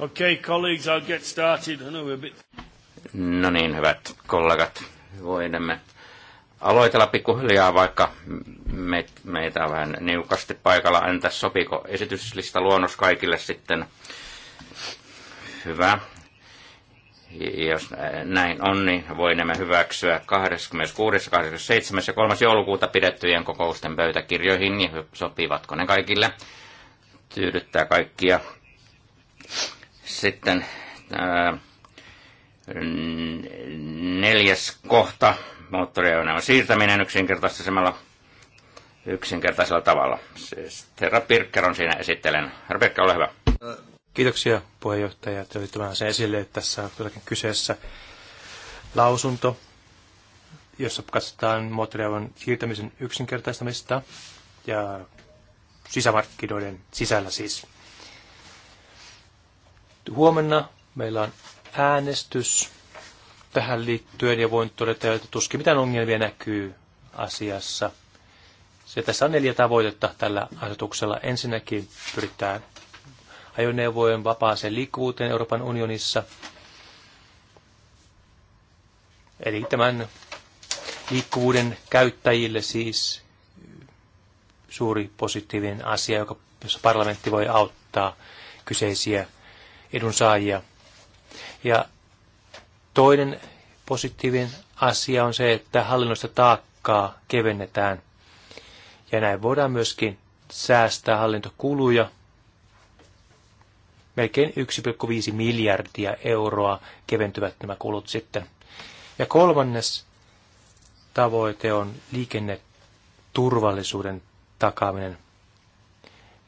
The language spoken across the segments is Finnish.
Okay, colleagues, I'll get started. No, we're a bit... no niin, hyvät kollegat, voimme aloitella pikkuhiljaa, vaikka me, meitä on vähän niukasti paikalla. Entä sopiko esityslista luonnos kaikille sitten? Hyvä. Jos näin on, niin voimme hyväksyä 26., 27. ja 3. joulukuuta pidettyjen kokousten pöytäkirjoihin, niin sopivatko ne kaikille? Tyydyttää kaikkia. Sitten ää, neljäs kohta, moottoriajoneuvon siirtäminen yksinkertaisella, yksinkertaisella tavalla. Siis herra Pirkker on siinä esittelen. Herra Pirkker, ole hyvä. Kiitoksia puheenjohtaja, että olit vähän sen esille, että tässä on kyseessä lausunto, jossa katsotaan moottoriajoneuvon siirtämisen yksinkertaistamista ja sisämarkkinoiden sisällä siis. Huomenna meillä on äänestys tähän liittyen ja voin todeta, että tuskin mitään ongelmia näkyy asiassa. Se, tässä on neljä tavoitetta tällä asetuksella. Ensinnäkin pyritään ajoneuvojen vapaaseen liikkuvuuteen Euroopan unionissa. Eli tämän liikkuvuuden käyttäjille siis suuri positiivinen asia, joka, jossa parlamentti voi auttaa kyseisiä edunsaajia. Ja toinen positiivinen asia on se, että hallinnosta taakkaa kevennetään. Ja näin voidaan myöskin säästää hallintokuluja melkein 1,5 miljardia euroa keventyvät nämä kulut sitten. Ja kolmannes tavoite on liikenneturvallisuuden takaaminen,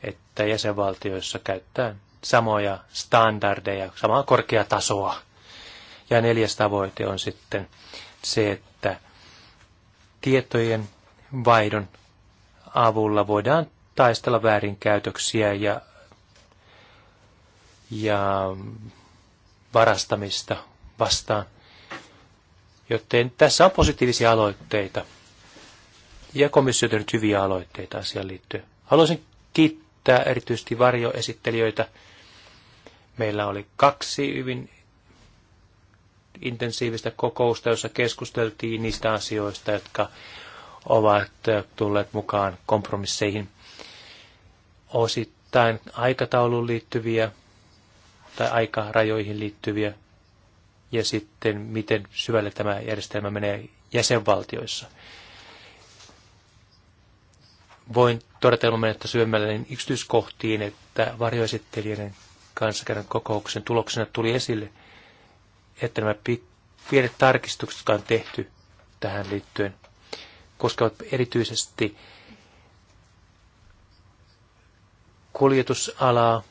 että jäsenvaltioissa käyttää samoja standardeja, samaa korkeatasoa. tasoa. Ja neljäs tavoite on sitten se, että tietojen vaihdon avulla voidaan taistella väärinkäytöksiä ja, ja varastamista vastaan. Joten tässä on positiivisia aloitteita. Ja komissio on hyviä aloitteita asiaan liittyen. Haluaisin kiittää erityisesti varjoesittelijöitä Meillä oli kaksi hyvin intensiivistä kokousta, jossa keskusteltiin niistä asioista, jotka ovat tulleet mukaan kompromisseihin. Osittain aikatauluun liittyviä tai aikarajoihin liittyviä ja sitten miten syvälle tämä järjestelmä menee jäsenvaltioissa. Voin todeta ilman menettä syvemmälle niin yksityiskohtiin, että varjoesittelijöiden kanssa kokouksen tuloksena tuli esille, että nämä pienet tarkistukset, jotka on tehty tähän liittyen, koskevat erityisesti kuljetusalaa,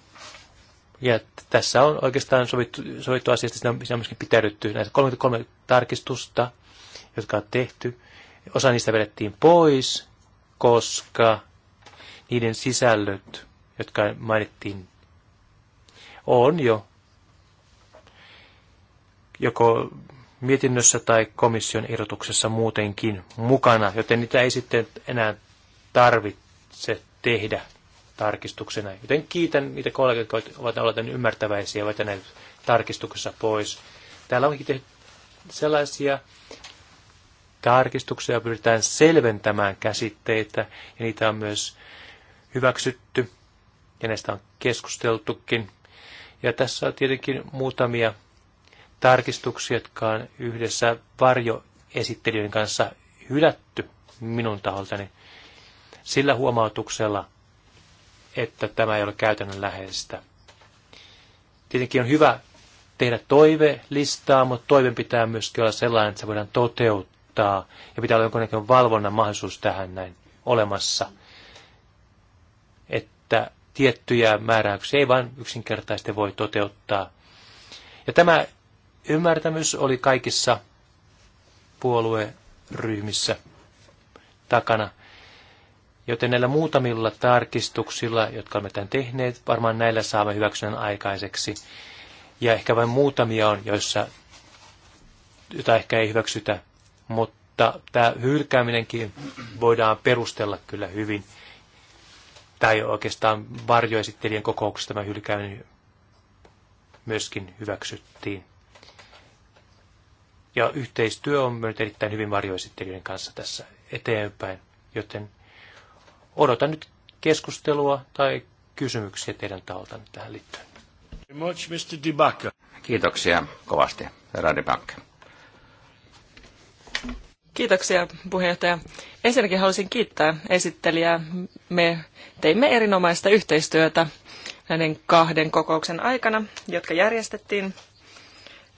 ja tässä on oikeastaan sovittu, sovittu asiasta, siinä on, siinä on myöskin pitäydytty näitä 33 tarkistusta, jotka on tehty. Osa niistä vedettiin pois, koska niiden sisällöt, jotka mainittiin on jo joko mietinnössä tai komission irrotuksessa muutenkin mukana, joten niitä ei sitten enää tarvitse tehdä tarkistuksena. Joten kiitän niitä kollegoita, jotka ovat olleet niin ymmärtäväisiä ja vetäneet tarkistuksessa pois. Täällä onkin tehty sellaisia tarkistuksia, pyritään selventämään käsitteitä ja niitä on myös hyväksytty ja näistä on keskusteltukin. Ja tässä on tietenkin muutamia tarkistuksia, jotka on yhdessä varjoesittelijöiden kanssa hylätty minun taholtani sillä huomautuksella, että tämä ei ole käytännön läheistä. Tietenkin on hyvä tehdä toivelistaa, mutta toiveen pitää myöskin olla sellainen, että se voidaan toteuttaa ja pitää olla jonkunnäköinen valvonnan mahdollisuus tähän näin olemassa, että tiettyjä määräyksiä ei vain yksinkertaisesti voi toteuttaa. Ja tämä ymmärtämys oli kaikissa puolueryhmissä takana. Joten näillä muutamilla tarkistuksilla, jotka olemme tämän tehneet, varmaan näillä saamme hyväksynnän aikaiseksi. Ja ehkä vain muutamia on, joissa, joita ehkä ei hyväksytä, mutta tämä hylkääminenkin voidaan perustella kyllä hyvin tai oikeastaan varjoesittelijän kokouksessa tämä hylkääminen myöskin hyväksyttiin. Ja yhteistyö on mennyt erittäin hyvin varjoesittelijöiden kanssa tässä eteenpäin, joten odotan nyt keskustelua tai kysymyksiä teidän taholtanne tähän liittyen. Kiitoksia kovasti, herra Dibacke. Kiitoksia puheenjohtaja. Ensinnäkin haluaisin kiittää esittelijää. Me teimme erinomaista yhteistyötä näiden kahden kokouksen aikana, jotka järjestettiin.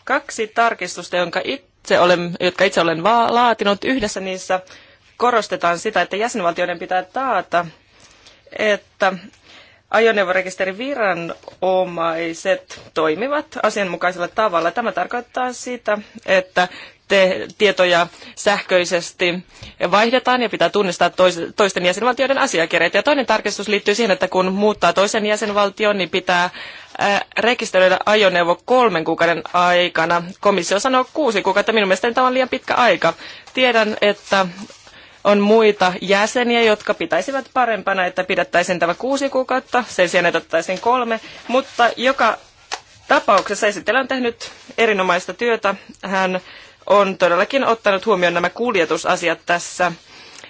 Kaksi tarkistusta, jonka itse olen, jotka itse olen laatinut. Yhdessä niissä korostetaan sitä, että jäsenvaltioiden pitää taata, että ajoneuvorekisteriviranomaiset viranomaiset toimivat asianmukaisella tavalla. Tämä tarkoittaa sitä, että te- tietoja sähköisesti vaihdetaan ja pitää tunnistaa toisten jäsenvaltioiden asiakirjat. Ja toinen tarkistus liittyy siihen, että kun muuttaa toisen jäsenvaltion, niin pitää rekisteröidä ajoneuvo kolmen kuukauden aikana. Komissio sanoo kuusi kuukautta. Minun mielestäni tämä on liian pitkä aika. Tiedän, että on muita jäseniä, jotka pitäisivät parempana, että pidettäisiin tämä kuusi kuukautta, sen sijaan otettaisiin kolme, mutta joka tapauksessa esittelijä on tehnyt erinomaista työtä. Hän on todellakin ottanut huomioon nämä kuljetusasiat tässä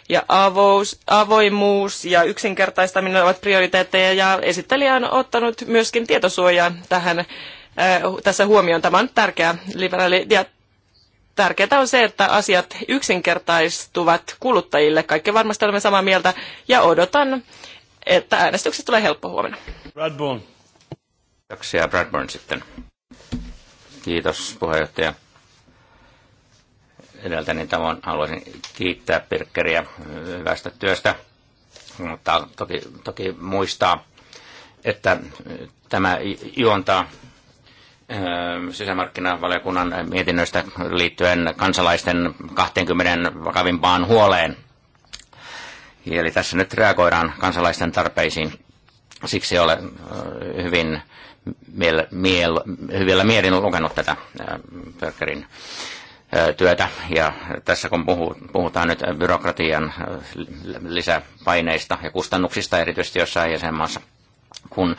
ja avous, avoimuus ja yksinkertaistaminen ovat prioriteetteja ja esittelijä on ottanut myöskin tietosuojaa tähän, äh, tässä huomioon. Tämä on tärkeä liberaali- ja Tärkeää on se, että asiat yksinkertaistuvat kuluttajille. Kaikki varmasti olemme samaa mieltä ja odotan, että äänestykset tulee helppo huomenna. Bradburn. Kiitoksia Bradburn sitten. Kiitos puheenjohtaja. Edeltäni tavoin haluaisin kiittää Pirkkeriä hyvästä työstä, mutta toki, toki muistaa, että tämä juontaa Öö, sisämarkkinavaliokunnan mietinnöistä liittyen kansalaisten 20 vakavimpaan huoleen. Eli tässä nyt reagoidaan kansalaisten tarpeisiin. Siksi olen öö, hyvin miel, miel, hyvillä mielin lukenut tätä öö, Pörkerin työtä. Ja tässä kun puhutaan nyt byrokratian lisäpaineista ja kustannuksista, erityisesti jossain jäsenmaassa, kun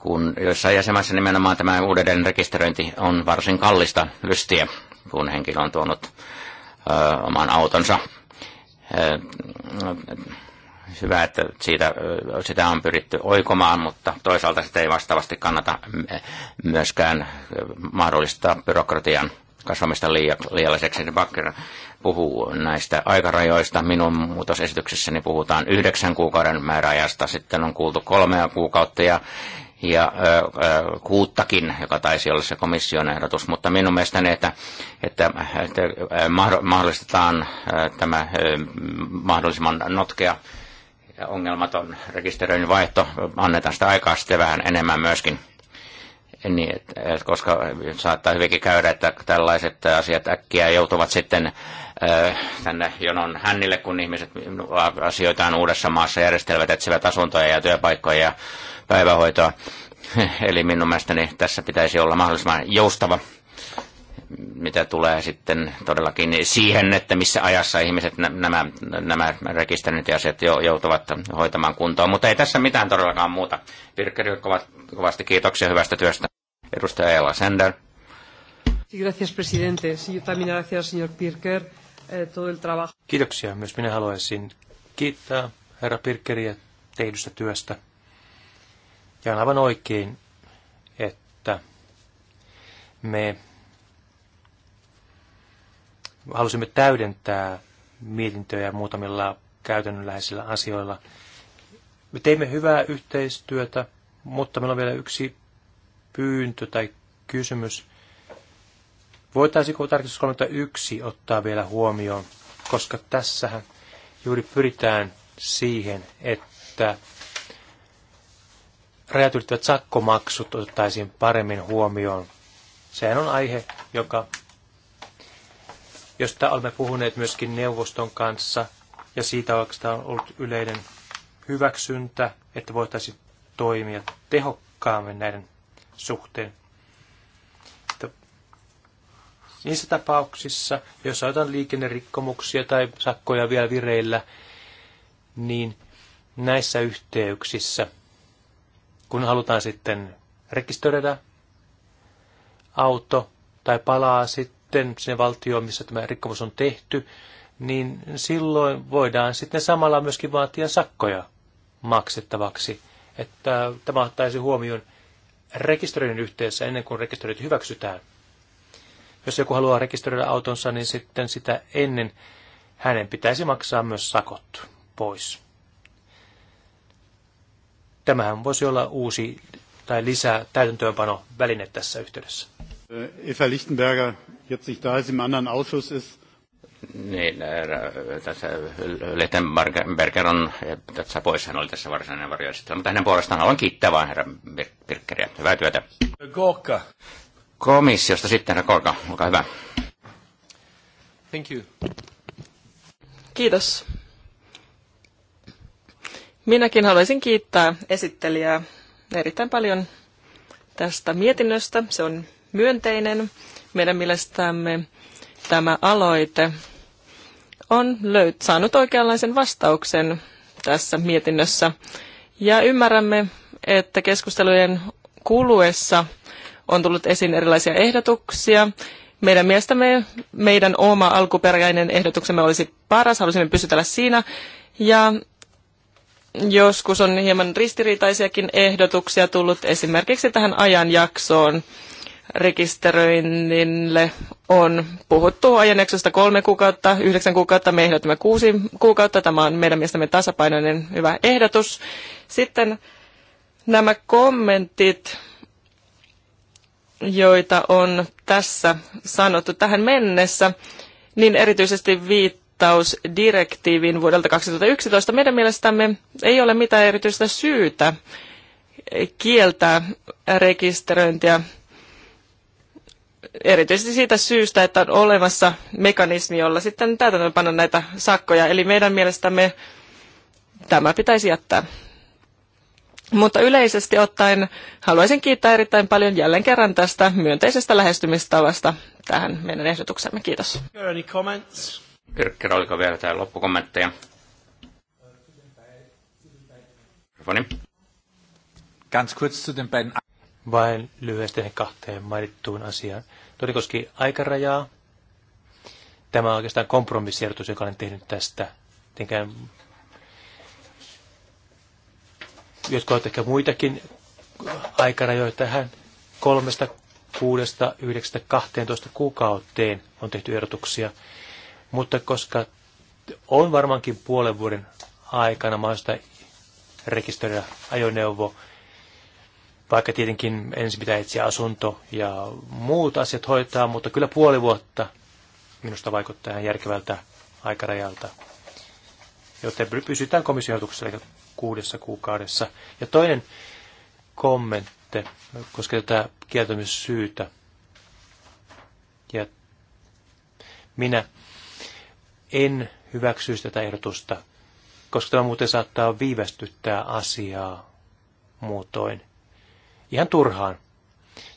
kun joissain jäsenmaissa nimenomaan tämä uudelleen rekisteröinti on varsin kallista lystiä, kun henkilö on tuonut ö, oman autonsa. Ö, hyvä, että siitä, sitä on pyritty oikomaan, mutta toisaalta sitä ei vastaavasti kannata myöskään mahdollistaa byrokratian kasvamista liialliseksi. Bakker puhuu näistä aikarajoista. Minun muutosesityksessäni puhutaan yhdeksän kuukauden määräajasta. Sitten on kuultu kolmea kuukautta ja ja kuuttakin, joka taisi olla se komission ehdotus, mutta minun mielestäni, että, että, että mahdollistetaan tämä mahdollisimman notkea ongelmaton rekisteröinnin vaihto, annetaan sitä aikaa sitten vähän enemmän myöskin. Niin, et, koska saattaa hyvinkin käydä, että tällaiset asiat äkkiä joutuvat sitten tänne jonon hännille, kun ihmiset asioitaan uudessa maassa järjestelevät, etsivät asuntoja ja työpaikkoja ja päivähoitoa. Eli minun mielestäni tässä pitäisi olla mahdollisimman joustava, mitä tulee sitten todellakin siihen, että missä ajassa ihmiset nämä, nämä rekisteröinnit ja asiat joutuvat hoitamaan kuntoon. Mutta ei tässä mitään todellakaan muuta. Pirkkeri, kovasti kiitoksia hyvästä työstä. Edustaja Ella Sender. Gracias, presidente. Sí, también gracias, señor Pirker, eh, todo el trabajo. Kiitoksia. Myös minä haluaisin kiittää herra Pirkeriä tehdystä työstä. Ja on aivan oikein, että me halusimme täydentää mietintöjä muutamilla käytännönläheisillä asioilla. Me teimme hyvää yhteistyötä, mutta meillä on vielä yksi pyyntö tai kysymys. Voitaisiko tarkistus 31 ottaa vielä huomioon, koska tässähän juuri pyritään siihen, että rajat ylittävät sakkomaksut otettaisiin paremmin huomioon. Sehän on aihe, joka, josta olemme puhuneet myöskin neuvoston kanssa, ja siitä on ollut yleinen hyväksyntä, että voitaisiin toimia tehokkaammin näiden suhteen. Että niissä tapauksissa, jos otetaan liikennerikkomuksia tai sakkoja vielä vireillä, niin näissä yhteyksissä – kun halutaan sitten rekisteröidä auto tai palaa sitten sinne valtioon, missä tämä rikkomus on tehty, niin silloin voidaan sitten samalla myöskin vaatia sakkoja maksettavaksi. Että tämä ottaisi huomioon rekisteröinnin yhteydessä ennen kuin rekisteröity hyväksytään. Jos joku haluaa rekisteröidä autonsa, niin sitten sitä ennen hänen pitäisi maksaa myös sakot pois. Tämähän voisi olla uusi tai lisää täytäntöönpano väline tässä yhteydessä. Äh, Eva Lichtenberger, jetzt sich da ist im anderen Ausschuss ist. Niin, äh, tässä Lettenberger on tässä pois, hän oli tässä varsinainen varjoesittely, mutta hänen puolestaan haluan kiittää vain herra Birkkeriä. Hyvää työtä. Gorka. Komissiosta sitten, herra Gorka, olkaa hyvä. Thank you. Kiitos. Minäkin haluaisin kiittää esittelijää erittäin paljon tästä mietinnöstä. Se on myönteinen. Meidän mielestämme tämä aloite on löyt, saanut oikeanlaisen vastauksen tässä mietinnössä. Ja ymmärrämme, että keskustelujen kuluessa on tullut esiin erilaisia ehdotuksia. Meidän mielestämme meidän oma alkuperäinen ehdotuksemme olisi paras, halusimme pysytellä siinä. Ja joskus on hieman ristiriitaisiakin ehdotuksia tullut esimerkiksi tähän ajanjaksoon. Rekisteröinnille on puhuttu ajanjaksosta kolme kuukautta, yhdeksän kuukautta, me ehdotamme kuusi kuukautta. Tämä on meidän mielestämme tasapainoinen hyvä ehdotus. Sitten nämä kommentit, joita on tässä sanottu tähän mennessä, niin erityisesti viittaa viittausdirektiivin vuodelta 2011 meidän mielestämme ei ole mitään erityistä syytä kieltää rekisteröintiä erityisesti siitä syystä, että on olemassa mekanismi, jolla sitten täytäntöönpanna näitä sakkoja. Eli meidän mielestämme tämä pitäisi jättää. Mutta yleisesti ottaen haluaisin kiittää erittäin paljon jälleen kerran tästä myönteisestä lähestymistavasta tähän meidän ehdotuksemme. Kiitos. Yrkker, oliko vielä täällä loppukommentteja? Mikrofoni. Ganz kurz zu den beiden... Vain lyhyesti kahteen mainittuun asiaan. Tuo koski aikarajaa. Tämä on oikeastaan kompromissiertus, joka olen tehnyt tästä. Tinkään... jotkut ovat ehkä muitakin aikarajoja tähän kolmesta, kuudesta, yhdeksästä, kahteentoista kuukauteen on tehty erotuksia. Mutta koska on varmaankin puolen vuoden aikana mahdollista rekisteröidä ajoneuvo, vaikka tietenkin ensin pitää etsiä asunto ja muut asiat hoitaa, mutta kyllä puoli vuotta minusta vaikuttaa ihan järkevältä aikarajalta. Joten pysytään komissiohjelmatuksessa eli kuudessa kuukaudessa. Ja toinen kommentti koskee tätä kieltämyssyytä. Ja minä en hyväksyisi tätä ehdotusta, koska tämä muuten saattaa viivästyttää asiaa muutoin. Ihan turhaan.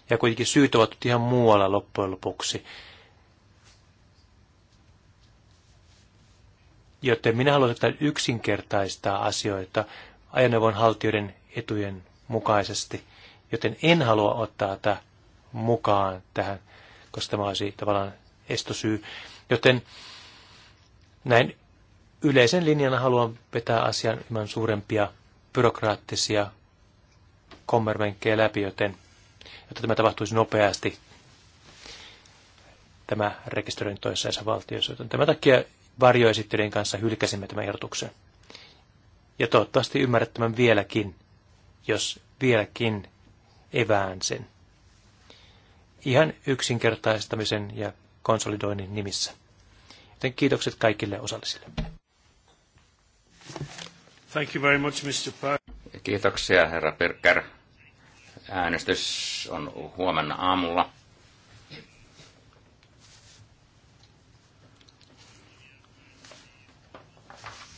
Ja kuitenkin syyt ovat ihan muualla loppujen lopuksi. Joten minä tätä yksinkertaistaa asioita ajoneuvon haltijoiden etujen mukaisesti. Joten en halua ottaa tätä mukaan tähän, koska tämä olisi tavallaan estosyy. Joten näin yleisen linjana haluan vetää asian ilman suurempia byrokraattisia kommervenkkejä läpi, joten jotta tämä tapahtuisi nopeasti tämä rekisteröinti toisessa valtiossa. Joten tämän takia varjoesittelijän kanssa hylkäsimme tämän ehdotuksen. Ja toivottavasti ymmärrät tämän vieläkin, jos vieläkin evään sen. Ihan yksinkertaistamisen ja konsolidoinnin nimissä. Joten kiitokset kaikille osallisille. Thank you very much, Mr. Kiitoksia, herra Pirker. Äänestys on huomenna aamulla.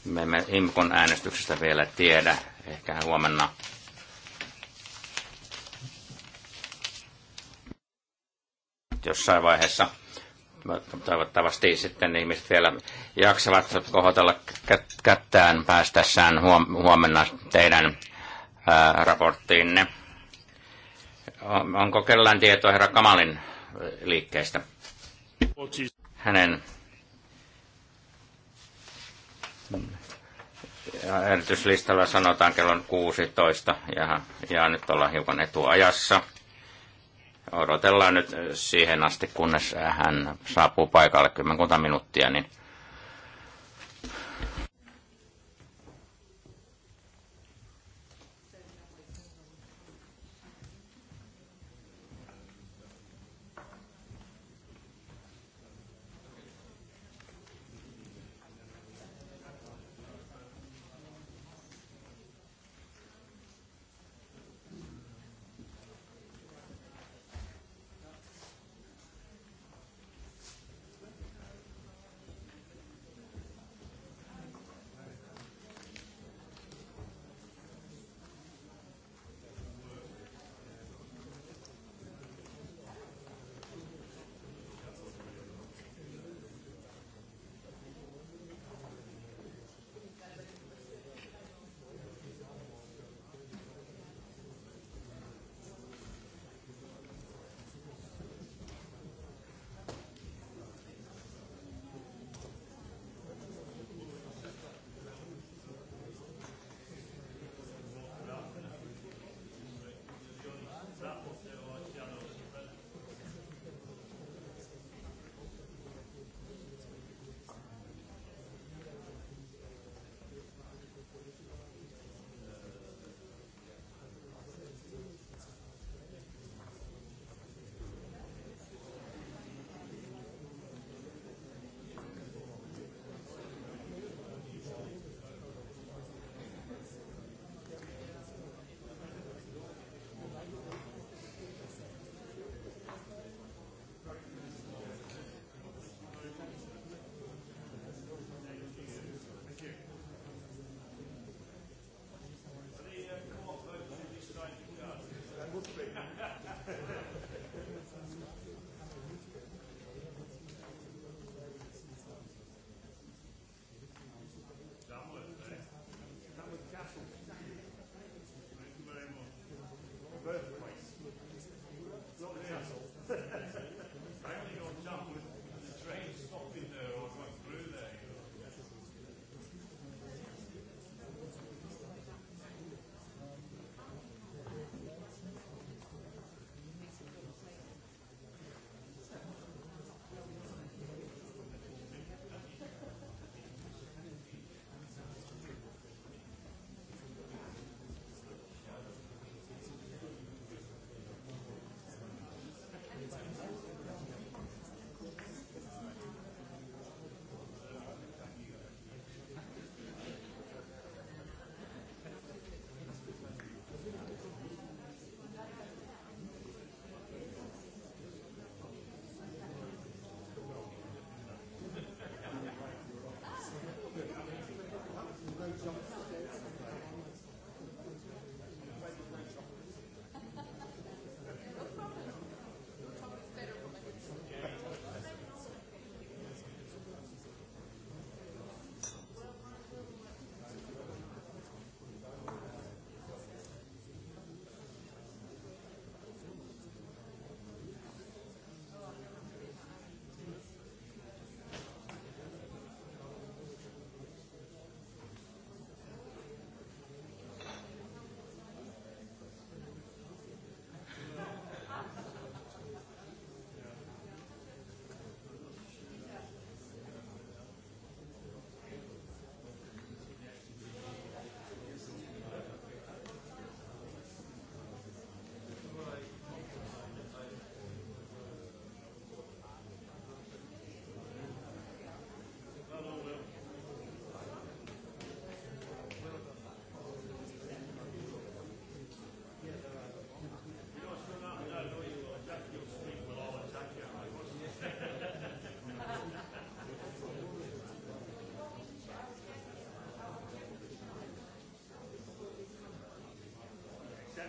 Me emme IMKon äänestyksestä vielä tiedä. Ehkä huomenna jossain vaiheessa toivottavasti sitten ihmiset vielä jaksavat kohotella kättään päästessään huomenna teidän raporttiinne. Onko kellään tietoa herra Kamalin liikkeestä? Hänen äänityslistalla sanotaan kello 16 ja, ja nyt ollaan hiukan etuajassa odotellaan nyt siihen asti, kunnes hän saapuu paikalle kymmenkunta minuuttia, niin –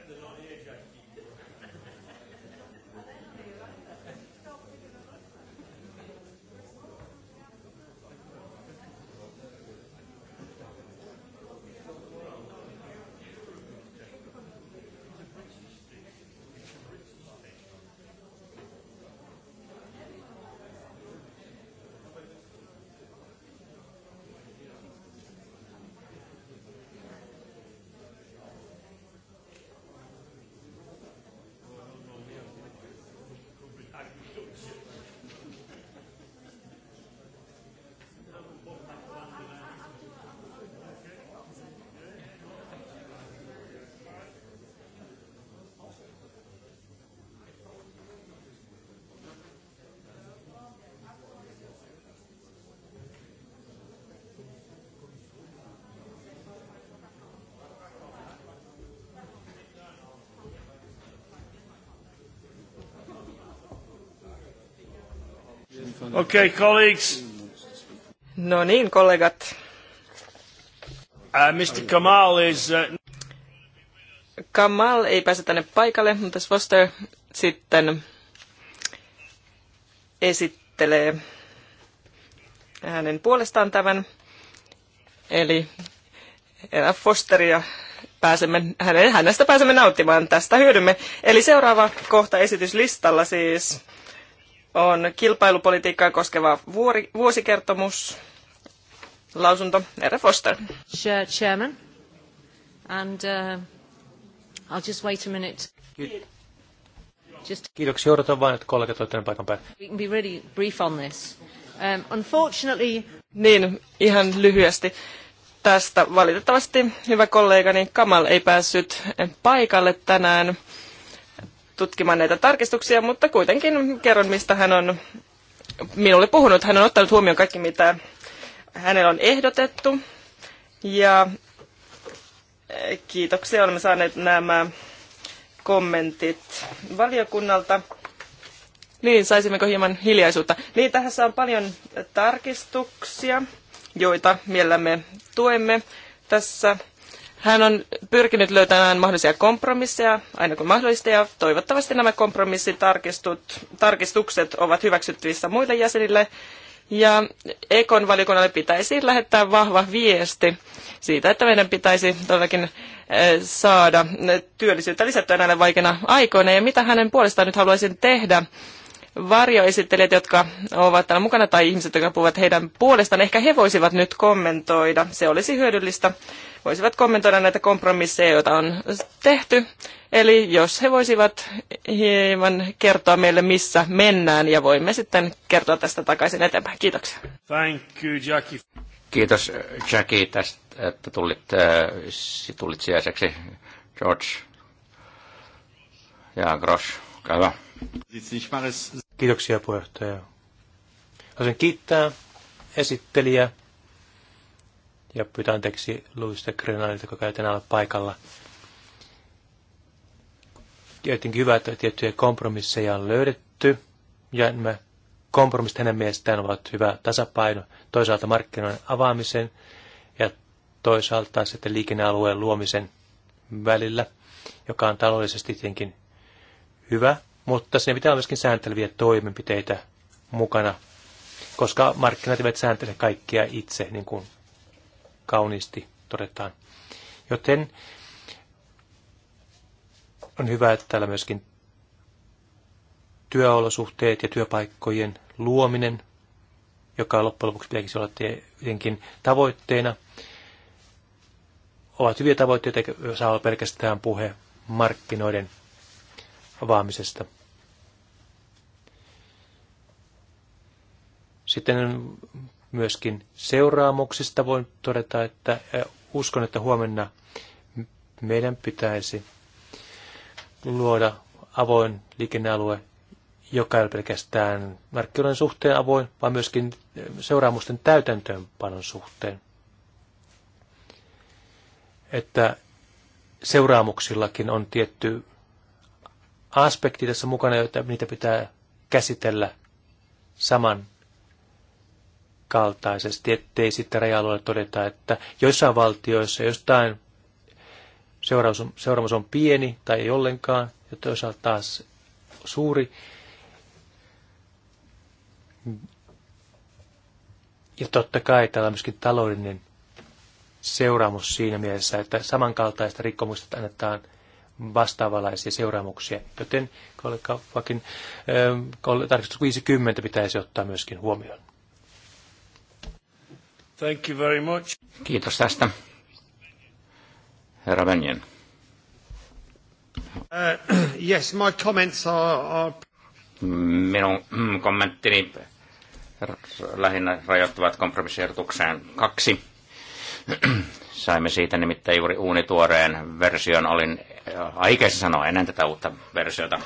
Jättelång e Okay, colleagues. No niin, kollegat. Uh, Mr. Kamal is... Uh... Kamal ei pääse tänne paikalle, mutta Foster sitten esittelee hänen puolestaan tämän. Eli Fosteria pääsemme, hänestä pääsemme nauttimaan, tästä hyödymme. Eli seuraava kohta esityslistalla siis on kilpailupolitiikkaa koskeva vuori, vuosikertomus. Lausunto, Erre Foster. Chairman, and uh, I'll just wait a minute. Just... Kiitoksia, odotan vain, että kollegat ovat tänne paikan päälle. We can be really brief on this. Um, unfortunately... Niin, ihan lyhyesti tästä. Valitettavasti hyvä kollegani Kamal ei päässyt paikalle tänään tutkimaan näitä tarkistuksia, mutta kuitenkin kerron, mistä hän on minulle puhunut. Hän on ottanut huomioon kaikki, mitä hänellä on ehdotettu. Ja eh, kiitoksia, olemme saaneet nämä kommentit valiokunnalta. Niin, saisimmeko hieman hiljaisuutta? Niin, tässä on paljon tarkistuksia, joita mielellämme tuemme. Tässä hän on pyrkinyt löytämään mahdollisia kompromisseja, aina kun mahdollista, ja toivottavasti nämä kompromissitarkistukset ovat hyväksyttävissä muille jäsenille. Ja Ekon valiokunnalle pitäisi lähettää vahva viesti siitä, että meidän pitäisi todellakin eh, saada työllisyyttä lisättyä näinä vaikeina aikoina. Ja mitä hänen puolestaan nyt haluaisin tehdä, varjoesittelijät, jotka ovat täällä mukana, tai ihmiset, jotka puhuvat heidän puolestaan, ehkä he voisivat nyt kommentoida. Se olisi hyödyllistä. Voisivat kommentoida näitä kompromisseja, joita on tehty. Eli jos he voisivat hieman kertoa meille, missä mennään, ja voimme sitten kertoa tästä takaisin eteenpäin. Kiitoksia. Thank you, Jackie. Kiitos, Jackie, tästä, että tulit, äh, tulit sijaiseksi. George ja Grosch, olkaa Kiitoksia puheenjohtaja. Haluaisin kiittää esittelijä ja pyytää anteeksi Luista Grenadilta, joka ei tänään paikalla. Jotenkin hyvä, että tiettyjä kompromisseja on löydetty ja nämä kompromissit hänen mielestään ovat hyvä tasapaino toisaalta markkinoiden avaamisen ja toisaalta sitten liikennealueen luomisen välillä, joka on taloudellisesti tietenkin hyvä mutta sinne pitää olla myöskin sääntelviä toimenpiteitä mukana, koska markkinat eivät sääntele kaikkia itse, niin kuin kauniisti todetaan. Joten on hyvä, että täällä myöskin työolosuhteet ja työpaikkojen luominen, joka loppujen lopuksi pitäisi olla tietenkin tavoitteena, ovat hyviä tavoitteita, eikä saa olla pelkästään puhe markkinoiden avaamisesta. Sitten myöskin seuraamuksista voin todeta, että uskon, että huomenna meidän pitäisi luoda avoin liikennealue, joka ei ole pelkästään markkinoiden suhteen avoin, vaan myöskin seuraamusten täytäntöönpanon suhteen. Että seuraamuksillakin on tietty aspekti tässä mukana, joita niitä pitää käsitellä saman kaltaisesti, ettei sitten raja todeta, että joissain valtioissa jostain seuraus on, seuraus on pieni tai ei ollenkaan, ja toisaalta taas suuri. Ja totta kai täällä on myöskin taloudellinen seuraamus siinä mielessä, että samankaltaista rikkomusta annetaan – vastaavanlaisia seuraamuksia. Joten kollega tarkistus 50 pitäisi ottaa myöskin huomioon. Thank you very much. Kiitos tästä. Herra Venjen. Uh, yes, my comments are, are... Minun mm, kommenttini lähinnä rajoittuvat kompromissiehdotukseen kaksi. Saimme siitä nimittäin juuri uunituoreen version. Olin aikeissa sanoa ennen tätä uutta versiota,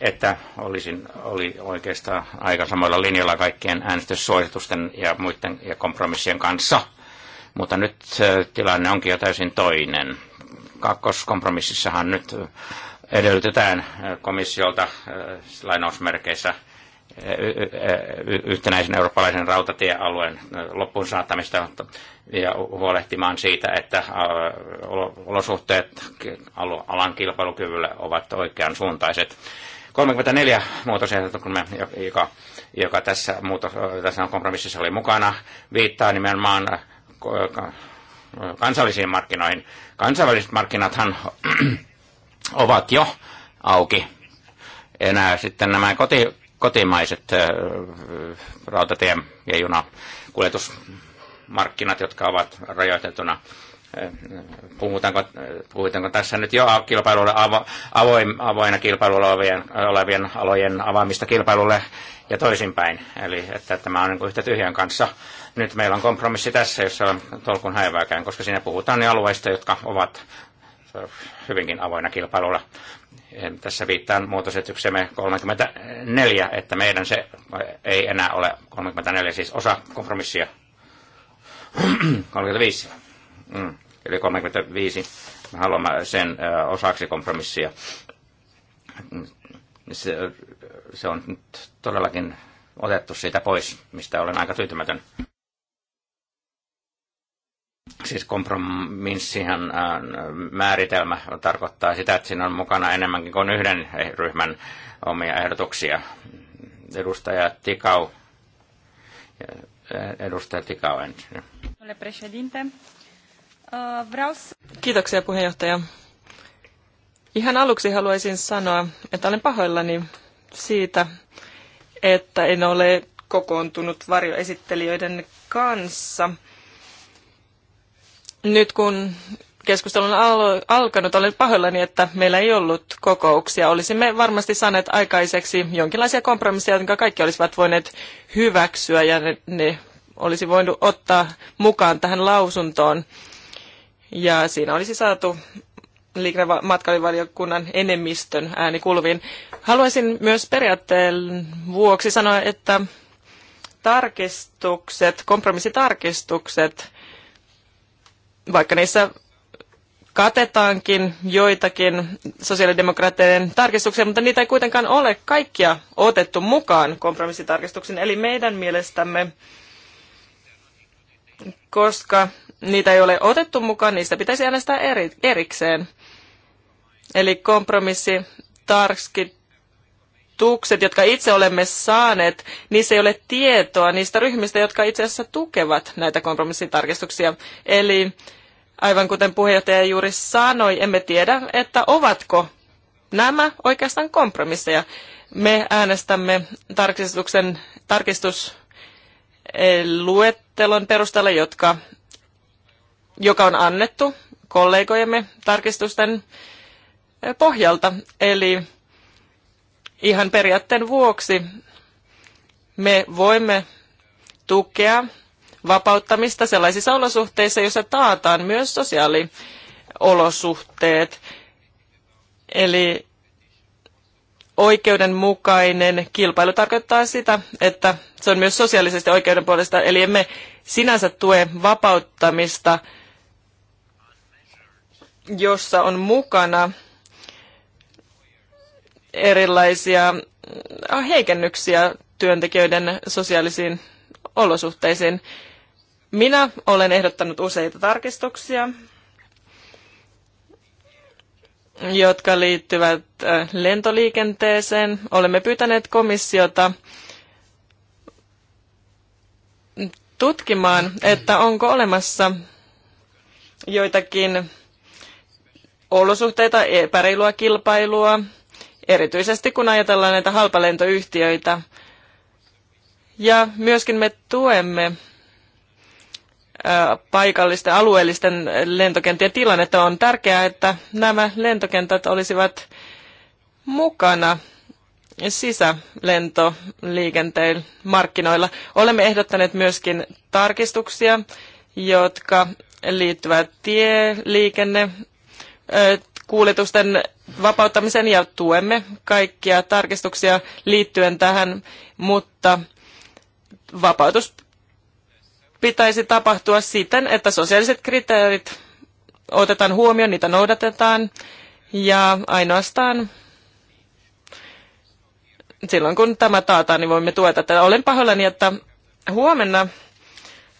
että olisin, oli oikeastaan aika samoilla linjoilla kaikkien äänestyssuositusten ja muiden ja kompromissien kanssa. Mutta nyt tilanne onkin jo täysin toinen. Kakkoskompromississahan nyt edellytetään komissiolta lainausmerkeissä – yhtenäisen eurooppalaisen rautatiealueen loppuun saattamista ja huolehtimaan siitä, että olosuhteet alan kilpailukyvylle ovat oikean suuntaiset. 34 muutosehdotusta, joka, joka tässä, muutos, tässä kompromississa oli mukana, viittaa nimenomaan kansallisiin markkinoihin. Kansainväliset markkinathan ovat jo auki. Enää sitten nämä koti, kotimaiset rautatie- ja junakuljetusmarkkinat, jotka ovat rajoitetuna. Puhutaanko, puhutaanko tässä nyt jo kilpailulle avo, avoin, avoina kilpailulla olevien, olevien alojen avaamista kilpailulle ja toisinpäin. Eli että tämä on niin yhtä tyhjän kanssa. Nyt meillä on kompromissi tässä, jossa on tolkun häivääkään, koska siinä puhutaan niin alueista, jotka ovat hyvinkin avoina kilpailulla. Tässä viittaan muutosesityksemme 34, että meidän se ei enää ole 34, siis osa kompromissia. 35. Mm, eli 35. Me haluamme sen osaksi kompromissia. Mm. Se, se on nyt todellakin otettu siitä pois, mistä olen aika tyytymätön. Siis kompromissihan äh, määritelmä tarkoittaa sitä, että siinä on mukana enemmänkin kuin yhden ryhmän omia ehdotuksia. Edustaja Tikau. Äh, edustaja Tikau ensin. Äh, Kiitoksia puheenjohtaja. Ihan aluksi haluaisin sanoa, että olen pahoillani siitä, että en ole kokoontunut varjoesittelijöiden kanssa – nyt kun keskustelu on alkanut, olen pahoillani, että meillä ei ollut kokouksia. Olisimme varmasti saaneet aikaiseksi jonkinlaisia kompromisseja, jotka kaikki olisivat voineet hyväksyä ja ne, ne olisi voinut ottaa mukaan tähän lausuntoon. Ja siinä olisi saatu liikennematkailuvaliokunnan enemmistön ääni kulviin. Haluaisin myös periaatteen vuoksi sanoa, että tarkistukset, kompromissitarkistukset vaikka niissä katetaankin joitakin sosiaalidemokraattien tarkistuksia, mutta niitä ei kuitenkaan ole kaikkia otettu mukaan kompromissitarkistuksiin. Eli meidän mielestämme, koska niitä ei ole otettu mukaan, niistä pitäisi äänestää eri, erikseen. Eli kompromissi tukset, jotka itse olemme saaneet, niissä ei ole tietoa niistä ryhmistä, jotka itse asiassa tukevat näitä kompromissitarkistuksia. Eli aivan kuten puheenjohtaja juuri sanoi, emme tiedä, että ovatko nämä oikeastaan kompromisseja. Me äänestämme tarkistuksen, tarkistusluettelon eh, perusteella, jotka, joka on annettu kollegojemme tarkistusten eh, pohjalta. Eli ihan periaatteen vuoksi me voimme tukea vapauttamista sellaisissa olosuhteissa, joissa taataan myös sosiaaliolosuhteet. Eli oikeudenmukainen kilpailu tarkoittaa sitä, että se on myös sosiaalisesti oikeudenpuolista, eli emme sinänsä tue vapauttamista, jossa on mukana erilaisia äh, heikennyksiä työntekijöiden sosiaalisiin olosuhteisiin. Minä olen ehdottanut useita tarkistuksia, jotka liittyvät äh, lentoliikenteeseen. Olemme pyytäneet komissiota tutkimaan, että onko olemassa joitakin olosuhteita, epäreilua kilpailua, erityisesti kun ajatellaan näitä halpalentoyhtiöitä. Ja myöskin me tuemme paikallisten alueellisten lentokenttien tilannetta. On tärkeää, että nämä lentokentät olisivat mukana sisälentoliikenteen markkinoilla. Olemme ehdottaneet myöskin tarkistuksia, jotka liittyvät tieliikenne kuljetusten vapauttamisen ja tuemme kaikkia tarkistuksia liittyen tähän, mutta vapautus pitäisi tapahtua siten, että sosiaaliset kriteerit otetaan huomioon, niitä noudatetaan ja ainoastaan silloin kun tämä taataan, niin voimme tueta tätä. Olen pahoillani, että huomenna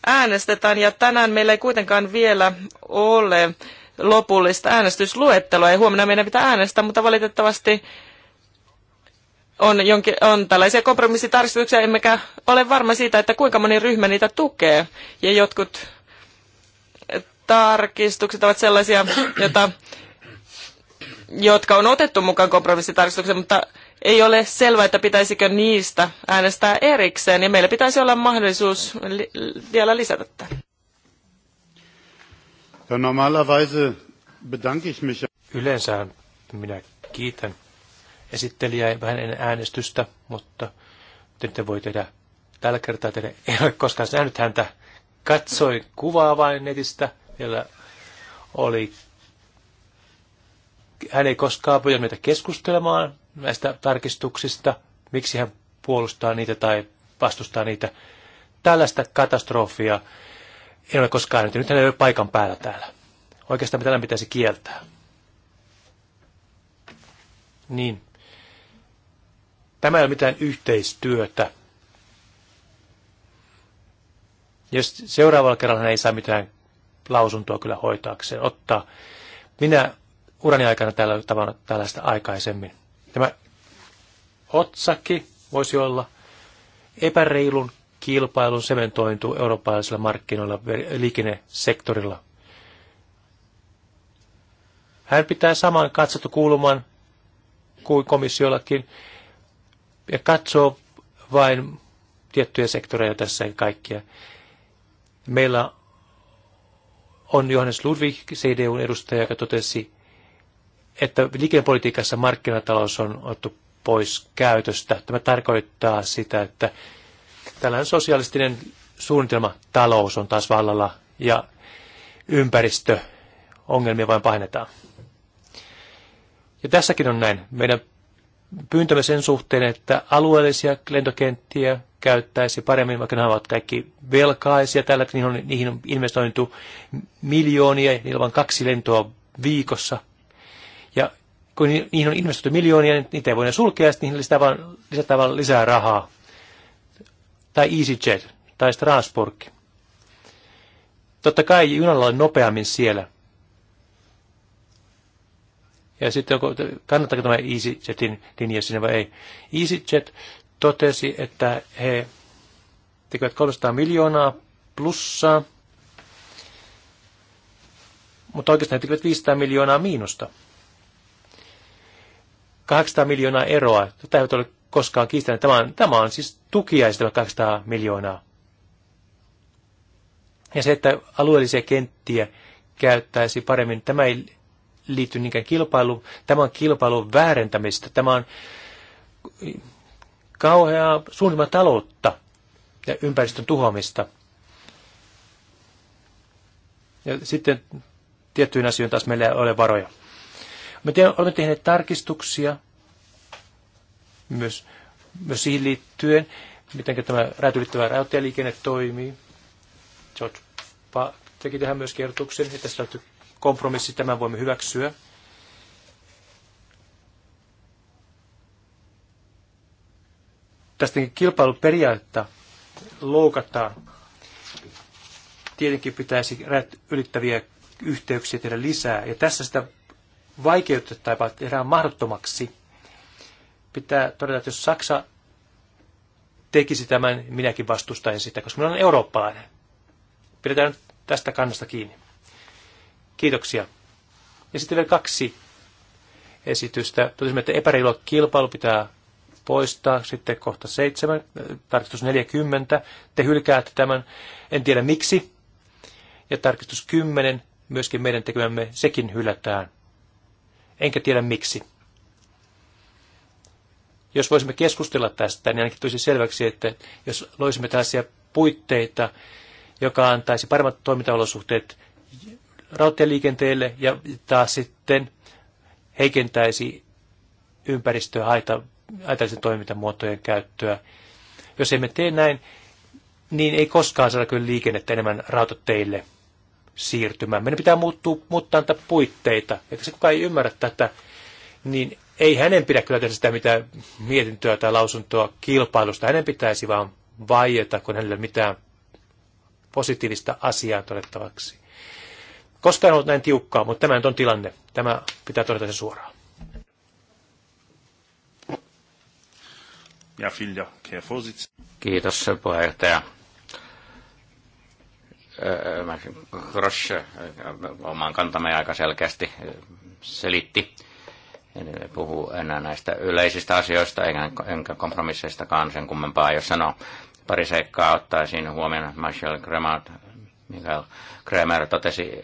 äänestetään ja tänään meillä ei kuitenkaan vielä ole lopullista äänestysluetteloa. Ja huomenna meidän pitää äänestää, mutta valitettavasti on, jonkin, on tällaisia kompromissitarkistuksia, emmekä ole varma siitä, että kuinka moni ryhmä niitä tukee. Ja jotkut tarkistukset ovat sellaisia, jota, jotka on otettu mukaan kompromissitarkistuksen, mutta ei ole selvää, että pitäisikö niistä äänestää erikseen. Ja meillä pitäisi olla mahdollisuus li vielä lisätä tämän. Yleensä minä kiitän esittelijää vähän ennen äänestystä, mutta nyt voi tehdä tällä kertaa teille. En ole koskaan nähnyt häntä. Katsoin kuvaa vain netistä, Siellä oli hän ei koskaan pyydä meitä keskustelemaan näistä tarkistuksista, miksi hän puolustaa niitä tai vastustaa niitä. Tällaista katastrofia ei ole koskaan hänet. Nyt hän ei ole paikan päällä täällä. Oikeastaan tällä pitäisi kieltää. Niin. Tämä ei ole mitään yhteistyötä. Jos seuraavalla kerralla hän ei saa mitään lausuntoa kyllä hoitaakseen, ottaa. Minä urani aikana täällä tavannut tällaista aikaisemmin. Tämä otsakki voisi olla epäreilun kilpailun sementointu eurooppalaisilla markkinoilla liikennesektorilla. Hän pitää saman katsottu kuuluman kuin komissiollakin ja katsoo vain tiettyjä sektoreja tässä ja kaikkia. Meillä on Johannes Ludwig, CDUn edustaja, joka totesi, että liikennepolitiikassa markkinatalous on otettu pois käytöstä. Tämä tarkoittaa sitä, että Tällainen sosialistinen suunnitelma talous on taas vallalla ja ympäristöongelmia vain pahennetaan. Ja tässäkin on näin. Meidän pyyntömme sen suhteen, että alueellisia lentokenttiä käyttäisi paremmin, vaikka nämä ovat kaikki velkaisia. Tällä niihin on, niihin on investoitu miljoonia, niillä on kaksi lentoa viikossa. Ja kun niihin on investoitu miljoonia, niin niitä ei voida sulkea, sitten niihin lisätään vain, lisätään lisää rahaa tai EasyJet, tai Strasbourg. Totta kai junalla on nopeammin siellä. Ja sitten onko, kannattaako tämä EasyJetin linja sinne vai ei. EasyJet totesi, että he tekevät 300 miljoonaa plussaa, mutta oikeastaan he tekevät 500 miljoonaa miinusta. 800 miljoonaa eroa. Tämä ei ole koskaan kiistänyt. Tämä on, tämä on siis tukiaista 800 miljoonaa. Ja se, että alueellisia kenttiä käyttäisi paremmin, tämä ei liity niinkään kilpailuun. Tämä on kilpailun väärentämistä. Tämä on kauheaa suunnitelmataloutta ja ympäristön tuhoamista. Ja sitten tiettyihin asioihin taas meillä ei ole varoja. Me olemme tehneet tarkistuksia myös, myös siihen liittyen, miten tämä räätylittävä ylittävä rautatieliikenne toimii. George pa teki tähän myös kertoksen, että tässä täytyy kompromissi, tämän voimme hyväksyä. Tästäkin kilpailuperiaatetta loukataan. Tietenkin pitäisi rajat ylittäviä yhteyksiä tehdä lisää, ja tässä sitä vaikeutta tai tehdään mahdottomaksi pitää todeta, että jos Saksa tekisi tämän, minäkin vastustaisin sitä, koska minä olen eurooppalainen. Pidetään nyt tästä kannasta kiinni. Kiitoksia. Ja sitten vielä kaksi esitystä. Totesimme, että epäreilu kilpailu pitää poistaa. Sitten kohta 7, äh, tarkistus 40. Te hylkäätte tämän, en tiedä miksi. Ja tarkistus 10, myöskin meidän tekemämme, sekin hylätään. Enkä tiedä miksi. Jos voisimme keskustella tästä, niin ainakin tulisi selväksi, että jos loisimme tällaisia puitteita, joka antaisi paremmat toimintaolosuhteet rautatieliikenteelle ja taas sitten heikentäisi ympäristöä haita, haitallisen toimintamuotojen käyttöä. Jos emme tee näin, niin ei koskaan saada kyllä liikennettä enemmän rautateille siirtymään. Meidän pitää muuttua, muuttaa näitä puitteita. Että se ei ymmärrä tätä, niin ei hänen pidä kyllä tehdä sitä mitä mietintöä tai lausuntoa kilpailusta. Hänen pitäisi vaan vaieta, kun hänellä mitään positiivista asiaa todettavaksi. Koskaan on ollut näin tiukkaa, mutta tämä nyt on tilanne. Tämä pitää todeta se suoraan. Ja Filja Kiitos puheenjohtaja. Grosch oman kantamme aika selkeästi selitti en puhu enää näistä yleisistä asioista eikä, enkä kompromisseistakaan sen kummempaa, jos sanoo. Pari seikkaa ottaisin huomioon. Michael Kramer, Michael Kramer totesi,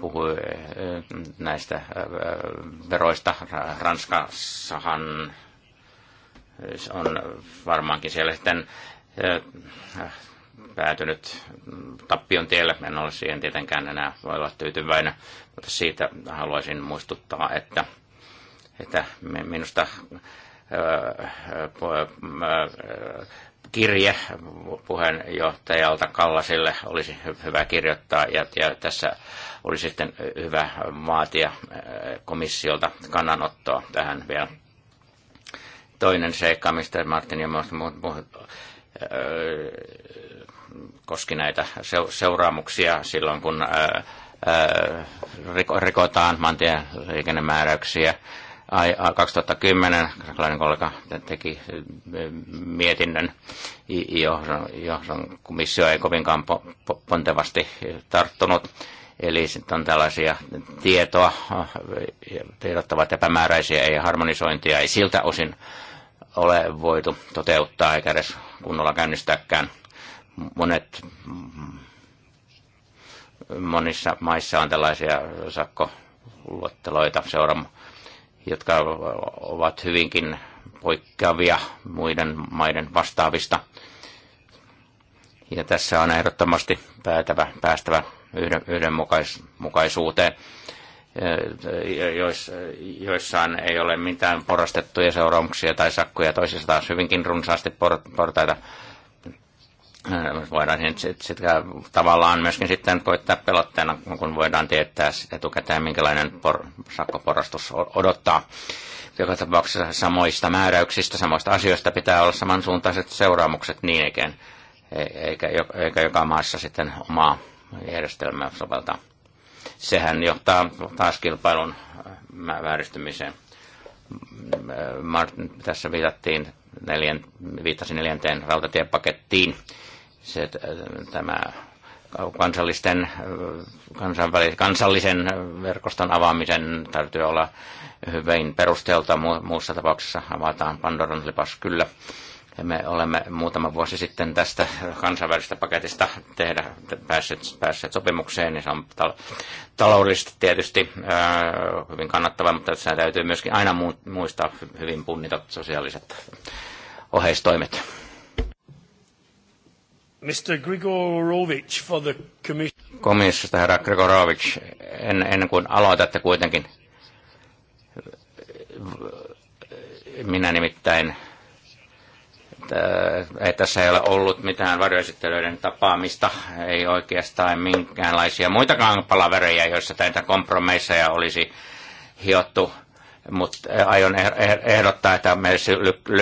puhui näistä veroista. Ranskassahan on varmaankin siellä sitten päätynyt tappion tielle. En ole siihen tietenkään enää voi olla tyytyväinen, mutta siitä haluaisin muistuttaa, että että minusta öö, öö, kirje puheenjohtajalta Kallasille olisi hyvä kirjoittaa ja, ja tässä olisi sitten hyvä vaatia öö, komissiolta kannanottoa tähän vielä. Toinen seikka, mistä Martin ja muut, puhut, muut koski näitä seuraamuksia silloin, kun rikotaan maantien liikennemääräyksiä 2010 saksalainen kollega teki mietinnön, johon komissio ei kovinkaan pontevasti tarttunut. Eli sitten on tällaisia tietoa, tiedottavat epämääräisiä ja harmonisointia ei siltä osin ole voitu toteuttaa eikä edes kunnolla käynnistääkään. Monet, monissa maissa on tällaisia sakkoluotteloita seuraamu jotka ovat hyvinkin poikkeavia muiden maiden vastaavista. Ja tässä on ehdottomasti päätävä, päästävä yhden, yhdenmukaisuuteen. Jois, joissain ei ole mitään porastettuja seuraamuksia tai sakkuja, toisissa taas hyvinkin runsaasti por, portaita Äh, voidaan niin sit, äh, tavallaan myöskin sitten koittaa pelotteena, kun voidaan tietää etukäteen, minkälainen por- sakkoporastus odottaa. Joka tapauksessa samoista määräyksistä, samoista asioista pitää olla samansuuntaiset seuraamukset niin e-, eikä, eikä, eikä joka maassa sitten omaa järjestelmää soveltaa. Sehän johtaa taas kilpailun äh, vääristymiseen. Mm, tässä viitattiin neljän, viittasi neljänteen rautatiepakettiin se, äh, tämä kansallisten, äh, kansallisen verkoston avaamisen täytyy olla hyvin perusteelta. Muussa tapauksessa avataan Pandoran lipas kyllä. Me olemme muutama vuosi sitten tästä kansainvälisestä paketista tehdä, päässeet, päässeet sopimukseen, niin se on tal- taloudellisesti tietysti ää, äh, hyvin kannattava, mutta tässä täytyy myöskin aina muistaa hyvin punnitot sosiaaliset oheistoimet. Mr. Grigorovic for the commission. Komissiosta herra Grigorovic, en, ennen kuin aloitatte kuitenkin. Minä nimittäin, ei tässä ei ole ollut mitään varjoesittelyiden tapaamista, ei oikeastaan minkäänlaisia muitakaan palavereja, joissa näitä kompromisseja olisi hiottu mutta eh, aion eh, eh, ehdottaa, että me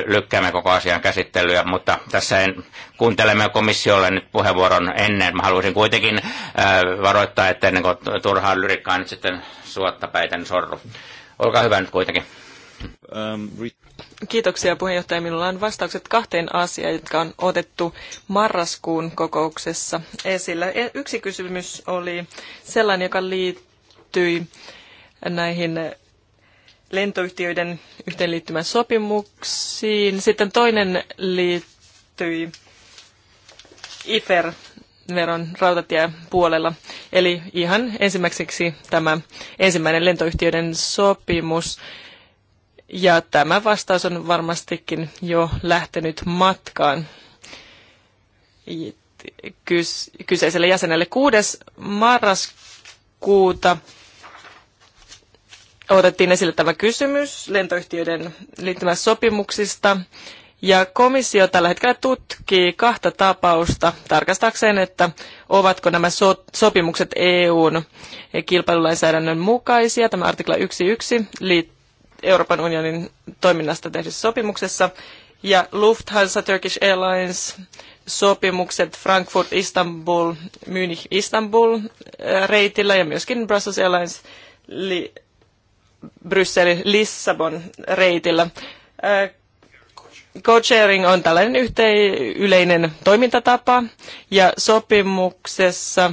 lykkäämme koko asian käsittelyä, mutta tässä en kuuntelemme komissiolle nyt puheenvuoron ennen. Mä haluaisin kuitenkin varoittaa, että ennen kuin turhaan lyrikkaan nyt sitten suotta päiten sorru. Olkaa hyvä nyt kuitenkin. Ähm, Kiitoksia puheenjohtaja. Minulla on vastaukset kahteen asiaan, jotka on otettu marraskuun kokouksessa esillä. E, yksi kysymys oli sellainen, joka liittyi näihin lentoyhtiöiden yhteenliittymän sopimuksiin. Sitten toinen liittyi IFER-veron rautatiepuolella. Eli ihan ensimmäiseksi tämä ensimmäinen lentoyhtiöiden sopimus. Ja tämä vastaus on varmastikin jo lähtenyt matkaan kyseiselle jäsenelle 6. marraskuuta otettiin esille tämä kysymys lentoyhtiöiden liittymässopimuksista. Ja komissio tällä hetkellä tutkii kahta tapausta tarkastakseen, että ovatko nämä so- sopimukset EUn kilpailulainsäädännön mukaisia. Tämä artikla 1.1 liit- Euroopan unionin toiminnasta tehdyssä sopimuksessa. Ja Lufthansa, Turkish Airlines, sopimukset Frankfurt, Istanbul, Munich, Istanbul äh, reitillä ja myöskin Brussels Airlines li- Bryssel-Lissabon-reitillä. Co-sharing on tällainen yhteen yleinen toimintatapa ja sopimuksessa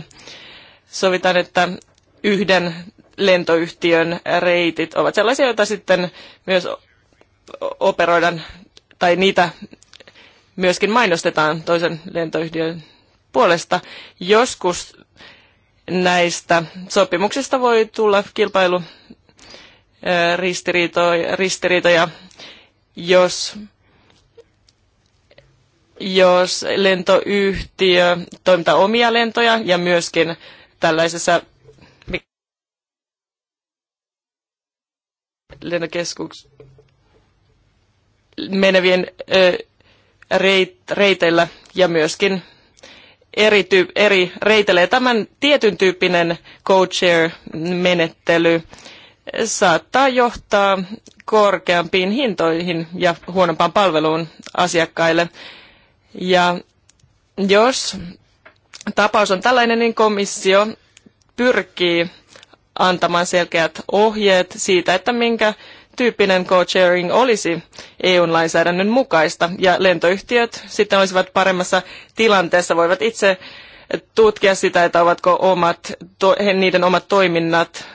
sovitaan, että yhden lentoyhtiön reitit ovat sellaisia, joita sitten myös operoidaan tai niitä myöskin mainostetaan toisen lentoyhtiön puolesta. Joskus näistä sopimuksista voi tulla kilpailu ristiriitoja, ristiriitoja jos jos lentoyhtiö toimittaa omia lentoja ja myöskin tällaisessa lentokeskuks menevien reiteillä ja myöskin eri, tyy, eri reiteillä. Ja tämän tietyn tyyppinen co-chair-menettely saattaa johtaa korkeampiin hintoihin ja huonompaan palveluun asiakkaille. Ja jos tapaus on tällainen, niin komissio pyrkii antamaan selkeät ohjeet siitä, että minkä tyyppinen co-sharing olisi EU-lainsäädännön mukaista. Ja lentoyhtiöt sitten olisivat paremmassa tilanteessa, voivat itse tutkia sitä, että ovatko omat, niiden omat toiminnat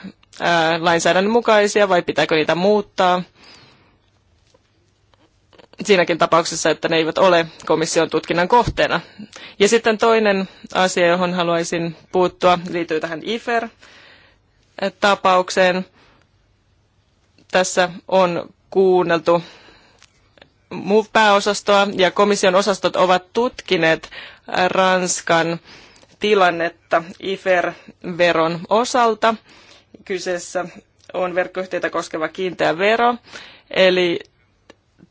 lainsäädännön mukaisia vai pitääkö niitä muuttaa siinäkin tapauksessa, että ne eivät ole komission tutkinnan kohteena. Ja sitten toinen asia, johon haluaisin puuttua, liittyy tähän IFER-tapaukseen. Tässä on kuunneltu pääosastoa ja komission osastot ovat tutkineet Ranskan tilannetta IFER-veron osalta – Kyseessä on verkkoyhtiötä koskeva kiinteä vero, eli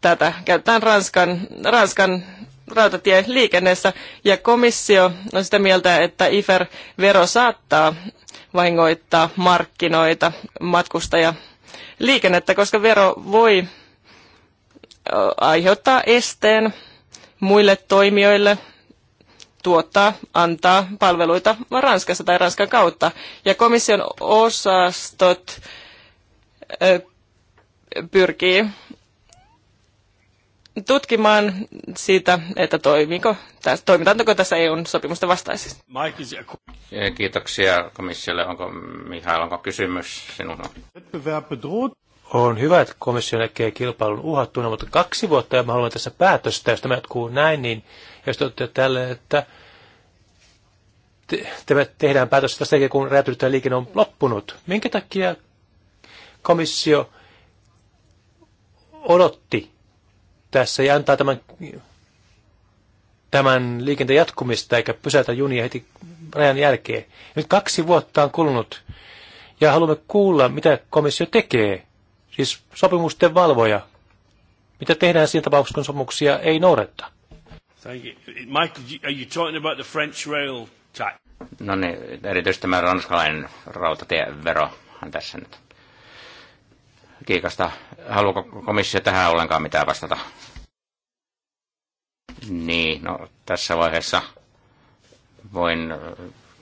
tätä käytetään Ranskan, Ranskan rautatieliikenneessä, ja komissio on sitä mieltä, että IFER-vero saattaa vahingoittaa markkinoita matkustaja liikennettä, koska vero voi aiheuttaa esteen muille toimijoille – tuottaa, antaa palveluita Ranskassa tai Ranskan kautta. Ja komission osastot pyrkii tutkimaan siitä, että toimiko, toimitaanko tässä EUn sopimusten vastaisesti. Kiitoksia komissiolle. Onko, Mihail, onko kysymys sinulla? On hyvä, että komissio näkee kilpailun uhattuna, mutta kaksi vuotta ja mä haluan tässä päätöstä, jos tämä jatkuu näin, niin jos te tälle, että te, te tehdään päätös tästä jälkeen, kun räätyyttäjä liikenne on loppunut. Minkä takia komissio odotti tässä ja antaa tämän, tämän liikenteen jatkumista eikä pysäytä junia heti rajan jälkeen. Nyt kaksi vuotta on kulunut ja haluamme kuulla, mitä komissio tekee siis sopimusten valvoja. Mitä tehdään siinä tapauksessa, kun sopimuksia ei noudata? Thank you. Michael, are you talking about the French rail tax? No niin, erityisesti tämä ranskalainen on tässä nyt kiikasta. Haluaako komissio tähän ollenkaan mitään vastata? Niin, no tässä vaiheessa voin äh,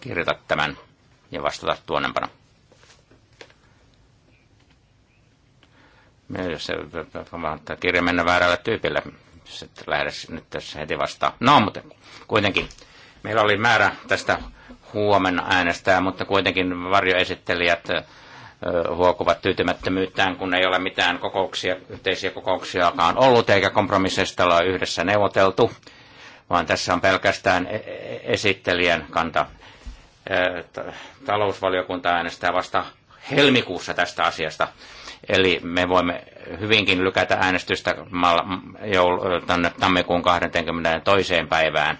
kirjata tämän ja vastata tuonnempana. jos se kirja mennä väärällä tyypillä, sitten lähde nyt tässä heti vastaan. No, mutta kuitenkin. Meillä oli määrä tästä huomenna äänestää, mutta kuitenkin varjoesittelijät huokuvat tyytymättömyyttään, kun ei ole mitään kokouksia, yhteisiä kokouksiakaan ollut, eikä kompromisseista ole yhdessä neuvoteltu, vaan tässä on pelkästään e-, e-, esittelijän kanta. Talousvaliokunta äänestää vasta helmikuussa tästä asiasta. Eli me voimme hyvinkin lykätä äänestystä mm, tammikuun 22. päivään.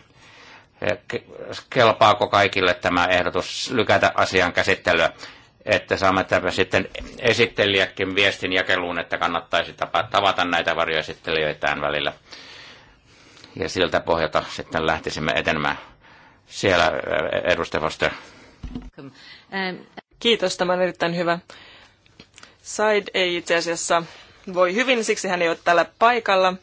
Kelpaako kaikille tämä ehdotus lykätä asian käsittelyä, että saamme sitten esittelijäkin viestin jakeluun, että kannattaisi tavata näitä varjoesittelijöitään välillä. Ja siltä pohjalta sitten lähtisimme etenemään siellä edustavasta. Kiitos, tämä on erittäin hyvä. Said ei itse asiassa voi hyvin, siksi hän ei ole täällä paikalla.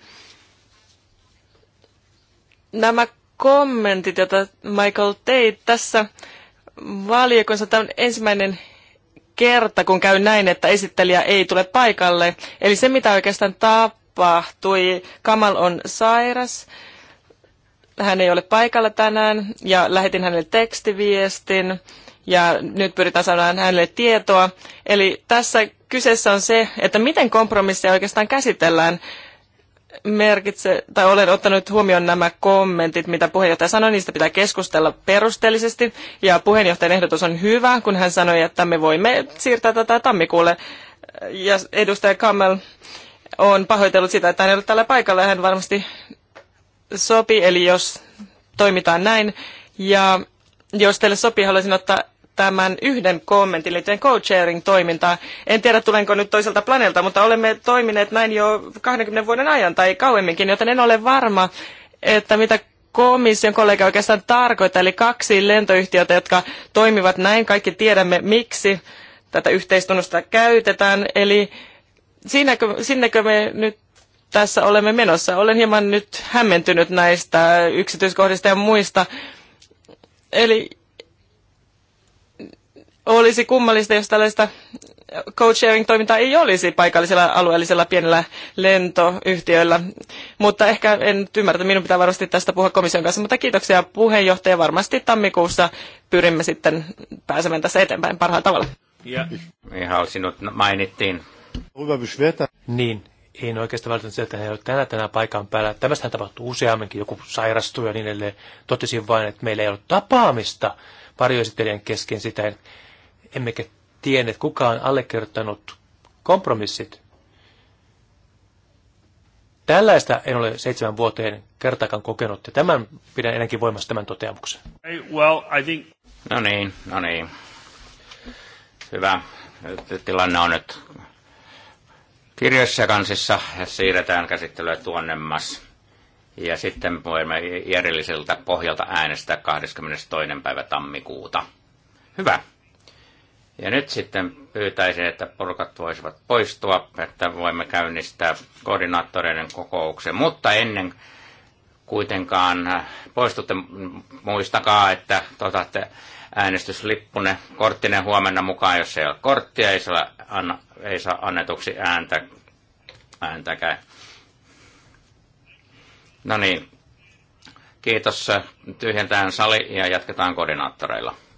Nämä kommentit, joita Michael teit tässä valiokunnassa, tämä on ensimmäinen kerta, kun käy näin, että esittelijä ei tule paikalle. Eli se, mitä oikeastaan tapahtui, Kamal on sairas, hän ei ole paikalla tänään, ja lähetin hänelle tekstiviestin, ja nyt pyritään saamaan hänelle tietoa. Eli tässä kyseessä on se, että miten kompromisseja oikeastaan käsitellään. Merkitse, tai olen ottanut huomioon nämä kommentit, mitä puheenjohtaja sanoi, niistä pitää keskustella perusteellisesti. Ja puheenjohtajan ehdotus on hyvä, kun hän sanoi, että me voimme siirtää tätä tammikuulle. Ja edustaja Kammel on pahoitellut sitä, että hän ei ole tällä paikalla ja hän varmasti sopii, eli jos toimitaan näin. Ja jos teille sopii, haluaisin ottaa tämän yhden kommentin liittyen co-sharing-toimintaan. En tiedä, tulenko nyt toiselta planeelta, mutta olemme toimineet näin jo 20 vuoden ajan tai kauemminkin, joten en ole varma, että mitä komission kollega oikeastaan tarkoittaa, eli kaksi lentoyhtiötä, jotka toimivat näin. Kaikki tiedämme, miksi tätä yhteistunnusta käytetään. Eli sinnekö, sinnekö me nyt tässä olemme menossa? Olen hieman nyt hämmentynyt näistä yksityiskohdista ja muista. Eli olisi kummallista, jos tällaista co-sharing-toimintaa ei olisi paikallisella alueellisella pienellä lentoyhtiöllä. Mutta ehkä en ymmärrä, että minun pitää varmasti tästä puhua komission kanssa, mutta kiitoksia puheenjohtaja. Varmasti tammikuussa pyrimme sitten pääsemään tässä eteenpäin parhaalla tavalla. Ja ihan niin, sinut mainittiin. Niin, ei oikeastaan välttämättä sieltä, että he eivät tänä tänään paikan päällä. Tämästähän tapahtuu useamminkin, joku sairastuu ja niin edelleen. Totesin vain, että meillä ei ollut tapaamista varjoesittelijän kesken sitä, emmekä tienneet kukaan allekirjoittanut kompromissit. Tällaista en ole seitsemän vuoteen kertaakaan kokenut, ja tämän pidän ennenkin voimassa tämän toteamuksen. Hey, well, I think... No niin, no niin. Hyvä. Tilanne on nyt kirjoissa ja Siirretään käsittelyä tuonnemmas. Ja sitten voimme järjelliseltä pohjalta äänestää 22. päivä tammikuuta. Hyvä. Ja nyt sitten pyytäisin, että porukat voisivat poistua, että voimme käynnistää koordinaattoreiden kokouksen. Mutta ennen kuitenkaan äh, poistutte, muistakaa, että otatte äänestyslippunne, korttine huomenna mukaan, jos ei ole korttia, ei saa, anna, ei saa annetuksi ääntä, ääntäkään. No niin, kiitos. Äh, tyhjentään sali ja jatketaan koordinaattoreilla.